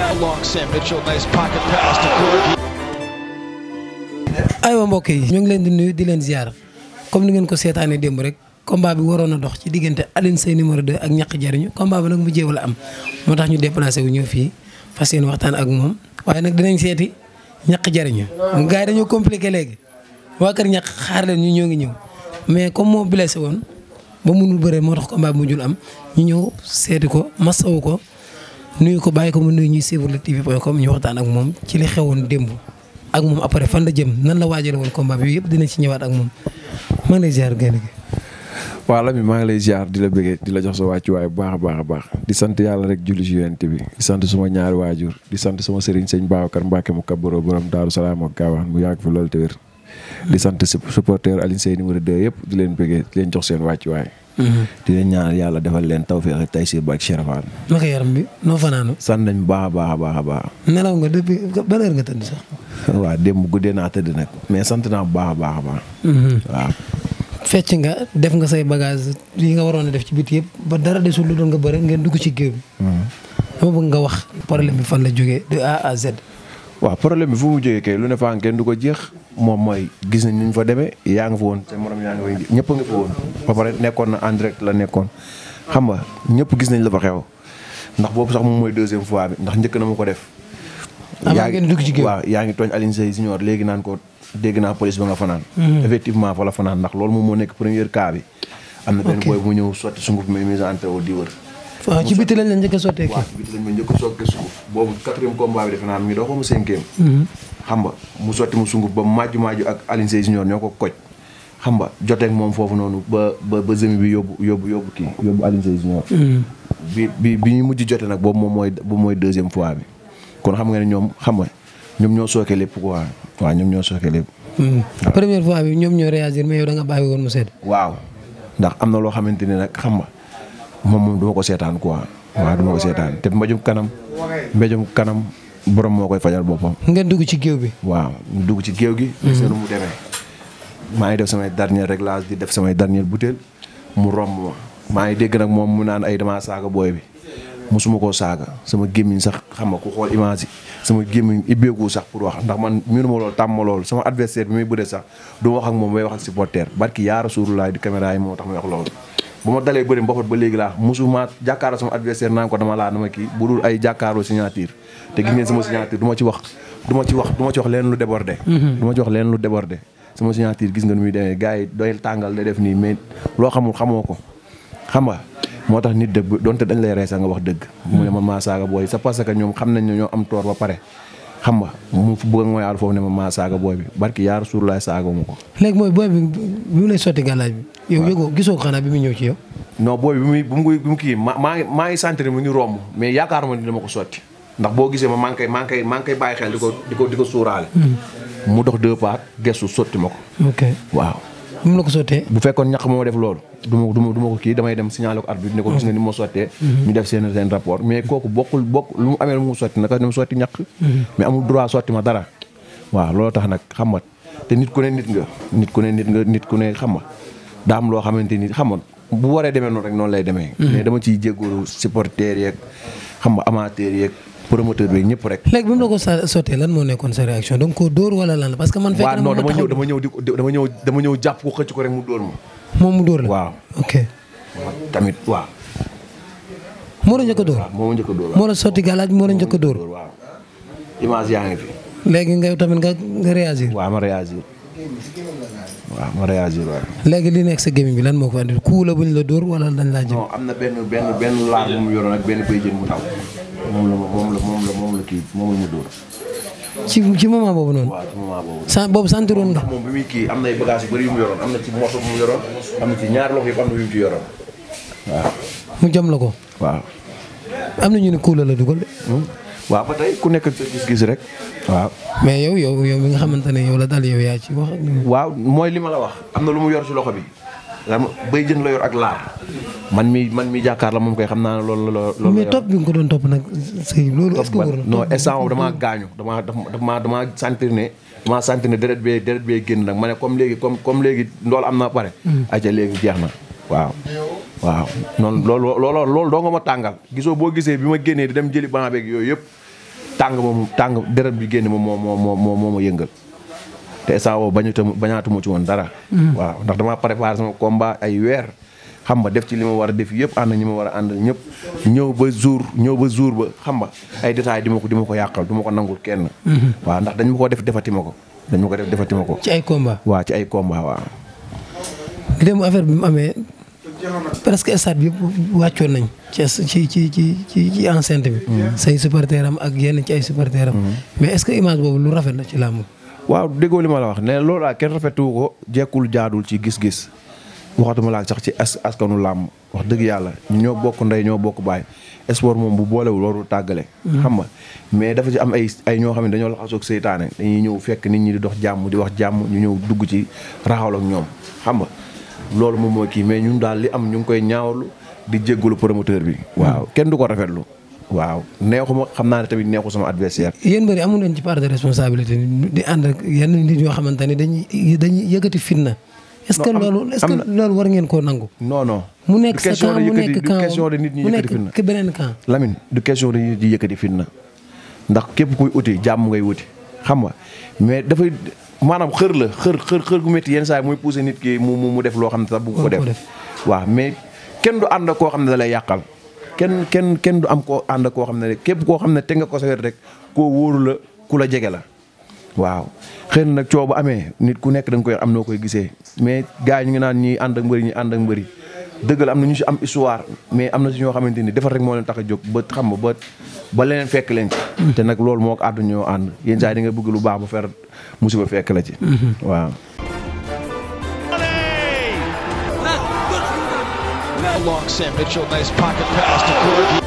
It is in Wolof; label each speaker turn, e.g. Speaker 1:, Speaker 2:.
Speaker 1: now long
Speaker 2: mbokk yi ñoo ngi leen di nuyu di leen ziar comme ni ngeen ko seetaanee démb rek combat bi waroon a dox ci diggante alin Seye numéro 2 ak ñaq jariñu combat bi nag mu la am moo tax ñu déplacé wu ñëw fii fas yéene waxtaan ak moom waaye nag dinañ seeti ñaq jariñu gars yi dañoo compliqué léegi waa kër ñàkk xaar leen ñu ñoo ngi ñëw mais comme moo blessé woon ba mënul bëree moo tax combat bi mujjul am ñu ñëw seeti ko masawu ko nuyu ko bàyyi ko mu nuyu ñuy suivre Lutte TV point com ñu waxtaan ak moom ci li xewoon démb ak moom après fan la jëm nan la waajal woon combat bi yëpp dina ci ñëwaat ak moom maa ngi lay ziar Gaynde gi
Speaker 1: waaw maa ngi lay ziar di la bëggee di la jox sa wàccuwaay bu baax a baax a baax di sant yàlla rek julli ci Yonent bi di sant suma ñaari waajur di sant suma sëriñ sëñ Babacar Mbacke mu kaboro borom Daaru Salaam ak Gaawaan mu yàgg fi loolu te wér di sant supporteur Alioune Seye numéro 2 yëpp di leen bëggee di leen jox seen wàccuwaay Mhm. di leen ñaanal yàlla defal leen tawféex ak taysiir ba ak Cherfaan. naka yaram bi noo fanaanu. sant nañ baax a a a baax.
Speaker 2: nelaw nga depuis ban heure nga tëdd sax.
Speaker 1: waaw démb guddee naa tëdd nag mais sant naa bu baax a baax a baax. Mhm. waaw.
Speaker 2: fecc nga def nga say bagage yi nga waroon a def ci biti yëpp ba dara desul lu doon nga bëre ngeen dugg ci géew bi.
Speaker 1: dama
Speaker 2: mhm. bëgg nga wax problème bi fan la jógee
Speaker 1: de A à Z. waaw problème bi fu mu jógee kay lu ne faa kenn du ko jeex. moom mooy gis nañ ni ñu fa demee yaa ngi fa woon te morom yaa nga fa ñëpp a nga fa woon ba nekkoon na en direct la nekkoon xam nga ñëpp gis nañ la fa xew ndax boobu sax moom mooy deuxième fois bi ndax njëkk na ma ko def. yaa ngi dugg ci waaw yaa ngi tooñ Alioune Junior léegi naan ko dégg naa police ba nga fanaan. Hmm. effectivement fa la fanaan ndax loolu moom moo nekk première cas bi. am na benn booy bu ñëw sotti sunguf mi mise en terre di waaw ci biti
Speaker 2: la njëkk a sottee kii
Speaker 1: ma njëkk a sottee sunguf boobu quatrième combat bi defe naa mi doxoo mhm. xam nga mu sotti mu sunguf ba maaju maaju ak Alioune Sèye ñoo ko koj xam nga joteeg moom foofu noonu ba ba ba zemi bi yóbbu yóbbu yóbbu kii yóbbu Alioune Junior mhm. bi bi bi ñu mujj jote nag boobu moom mooy boobu mooy deuxième fois bi kon xam nga ne ñoom xam nga ñoom ñoo sooke lépp quoi waa ñoom ñoo sooke lépp
Speaker 2: mhm. première fois bi ñoom ñoo réagir mais yow da nga bàyyi woon mu sedd
Speaker 1: waaw ndax am na loo xamante ni nag xam nga moom moom duma ko seetaan quoi waaw duma ko seetaan te mbéjum kanam mbéjum kanam borom moo koy fajal boppam. ngeen dugg ci géew bi. waaw dugg ci géew gi. Mhm. mu demee. maa ngi def samay dernier réglage di def samay dernier butéel mu romb ma maa ngi dégg nag moom mu naan ay damaa saaga booy bi musuma koo saaga sama gémmiñ sax xam nga ku xool image yi sama gémmiñ ibbeeku sax pour wax ndax man miinu ma lool tàmm ma lool sama adversaire bi muy bëre sax du wax ak moom may wax ak supporter barki yaa Rasulullah di caméra yi moo tax may wax loolu. ba ma dalee bëri mbapat ba léegi laa mosuma jàkkaaroo sama adversaire naan ko dama laa dama kii bu dul ay jàkkaaroo signature te gis ngeen sama signature du ci wax du ci wax du ma ci leen lu débordé mhm. ma ci leen lu débordé sama signature gis nga nu muy demee gars yi doyel tàngal da def nii mais loo xamul xamoo ko xam nga moo tax nit dëgg donte dañ lay reesa nga wax dëgg mu ne man maa saaga booy c'est parce que ñoom xam nañ ne ñoo am toor ba pare xam nga mu bëgg mooy aal foofu ne ma maa saaga booy bi barki yaa rasulilah saaga ma ko.
Speaker 2: léegi mooy booy bi bi mu lay gisoo ko xanaa
Speaker 1: bi muy ñëw ci yow. non booy bi muy bu mu bu ma maa maa ngi sant mu ngi romb mais yaakaar ma ni dama ko sotti ndax boo gisee ma maa ngi koy bàyyi xel di ko di ko di ko suuraale. Hmm. mu dox deux pas gestu sotti ma ko. ok waaw. bu mu la ko sottee. bu fekkoon ñax moo def loolu. du ma ma du ma ko kii damay dem signaler ko arbitre ne ko gis nga ni moo sottee mhm. ñu def seen seen rapport mais kooku bokkul bokk lu mu amee lu mu sotti mhm. waaw loolu tax nag xam nga te nit ku ne nit nga nit ku ne nit nga nit ku ne xam nga am loo xamante ni xam nga bu waree demee noonu rek noonu lay demee mhm. mais dama ciy jéggoo supporters yeeg xam yeeg promoteur bi ñëpp rek.
Speaker 2: léegi bi mu la ko sottee lan moo nekkoon sa lan parce
Speaker 1: que man. fekk na dama ñëw dama ñëw di dama ñëw dama ñëw jàpp ko xëcc ko rek mu dóor ma. moom mu dóor la waaw tamit waaw. moo la njëkk a dóor waaw moo ma njëkk a dóor moo la
Speaker 2: sotti galaaj moo la njëkk a dóor.
Speaker 1: waaw image yaa fi.
Speaker 2: léegi ngay tamit nga nga waa
Speaker 1: waaw ma réagir. waaw ma réagir waaw.
Speaker 2: léegi li nekk sa gémmiñ bi lan moo ko andi la buñ la dóor wala dañ laa jëm.
Speaker 1: am na benn benn benn laar bu mu yoroon ak benn béykat mu taw moom la moom la moom la moom moom la mu dóor.
Speaker 2: ci ci moment boobu noonu. waaw
Speaker 1: ci moment boobu. sa boobu santiroon nga. moom bi muy kii am na ay bagages yu bëri yu mu yoroon am na ci moto bu mu yoroon am na ci ñaar loxo yëpp am na yu mu
Speaker 2: ci jëm la ko. waaw. am na ñu ne kuula la dugal de. Hmm? waaw ba tey ku nekk sa gis-gis rek. waaw mais yow yow yow mi nga xamante ne yow la daal yow yaa ci wax.
Speaker 1: waaw mooy li ma la wax am na lu mu yor ci loxo bi. xam bay jën la ak laar man mii man mi jàkkaar la moom koy xam naa ne loolu la loolu mais bi
Speaker 2: nga ko doon topp loolu est-ce na non instant boobu damaa
Speaker 1: gaañu damaa damaa damaa sentir ne damaa sentir ne deret bee génn nag ma ne comme léegi comme comme léegi loolu am na pare hmm. aca léegi jeex na waaw waaw noonu loolu looloo loolu doo nga ma tàngal gisoo boo gisee bi ma génnee di dem jëli ban beeg yooyu yëpp tàng moom tàng deret bi génn moom moo moo moo moo ma yëngal te instant boobu bañuta bañaatuma ci woon dara mm. waaw ndax damaa préparé sama combat ay weer xam nga def ci li ma war a def yëpp ànd ñi ma war a ànd ñëpp ñëw ba jour ñëw ba jour ba xam nga ay détails di ma ko di ko yàqal du ma ko nangul kenn mm-hmm. waaw ndax dañ ma ko def defati ma ko dañ ma ko def defati ma ko ci ay combat waaw ci ay combat waaw
Speaker 2: démb affaire bi mu amee presque stade bi wàccoon nañ ci ci ci ci bi mm-hmm. say supporter ak yenn ci ay supporter mm-hmm. mais est la
Speaker 1: waaw déggoo li ma la wax ne loolu daal kenn rafetu ko jekkul jaadul ci gis-gis waxatuma laa sax ci askanu làmb wax dëgg yàlla ñoo bokk ndey ñoo bokk baay sport moom bu boolewul warul tàggale. Hmm. xam nga mais dafa ci am ay ay ñoo xam ne dañoo laxasoo ak seytaane dañuy ñëw fekk nit ñi di dox jàmm di wax jàmm ñu ñëw dugg ci raxal ak ñoom xam nga loolu moom moo kii mais ñun daal li am ñu ngi koy ñaawlu di jéggalu promoteur bi. waaw kenn du ko rafetlu. waaw neexuma xam naa ne tamit neexu sama adversaire.
Speaker 2: yéen bëri amu leen ci part de responsabilité di ànd ak yenn nit yoo xamante ne dañuy dañuy yëkkati fitna. est-ce que loolu est-ce que loolu war ngeen koo nangu. non
Speaker 1: non mu nekk sa camp mu nekk camp ñi yëkkati fitna mu nekk beneen camp. Lamine du question de nit ñi yëkkati fitna ndax képp kuy uti jàmm ngay wuti xam nga mais dafay maanaam xër la xër xër xër gu métti yenn saa yi muy nit ki mu mu def loo xam ne sax bu ko def waaw mais kenn du ànd koo xam ne da lay yàqal kenn kenn kenn du am koo ànd koo xam ne rek képp koo xam ne te nga ko sa wet rek koo wóoru la ku la jege la waaw xëy na nag coow bu amee nit ku nekk da koy am noo koy gisee mais gars yi ñu ngi naan ñi ànd ak mbëri ñi ànd ak mbëri dëgg am na ñu si am histoire mais am na si ñoo xamante ni defar rek moo leen tax a jóg ba xam ba ba leneen fekk leen ci. Mm-hmm. te nag loolu moo ko àddu ñoo ànd yenn saa yi di nga bëgg lu baax ba fer musiba fekk la ci. Mm-hmm. waaw. along Sam Mitchell. Nice pocket pass to Gordon.